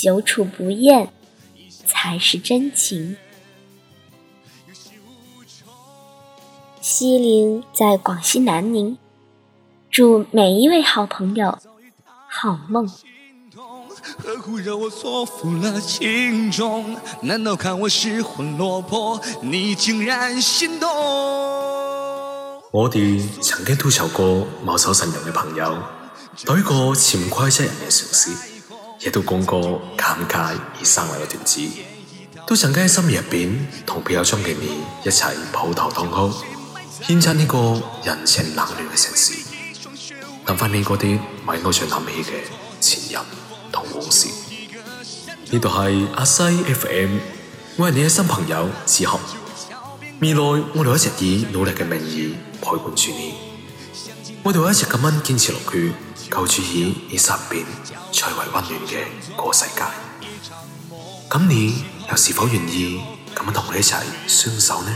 久處不厭，才是真情。汐玲在廣西南寧，祝每一位好朋友好夢。我哋曾經吐槽過某首神遊嘅朋友，對個潛規則人嘅嘗試。亦都講過尷尬而生硬嘅段子，都曾經喺深夜入邊同朋友相見面一齊抱頭痛哭，獻出呢個人情冷暖嘅城市，諗翻起嗰啲唔係我想諗起嘅前任同往事。呢度係阿西 FM，我係你嘅新朋友子合，未來我哋會一直以努力嘅名義陪伴住你，我哋會一直咁樣堅持落去。抱住以你身邊最為溫暖嘅個世界，咁你又是否願意咁樣同你一齊相守呢？